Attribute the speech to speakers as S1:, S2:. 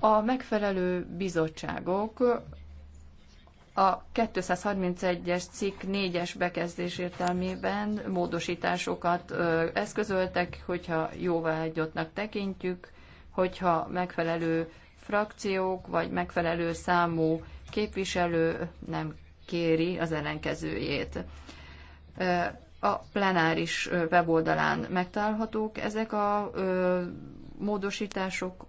S1: a megfelelő bizottságok a 231-es cikk 4-es bekezdés értelmében módosításokat eszközöltek, hogyha jóvágyottnak tekintjük, hogyha megfelelő frakciók vagy megfelelő számú képviselő nem kéri az ellenkezőjét a plenáris weboldalán megtalálhatók ezek a módosítások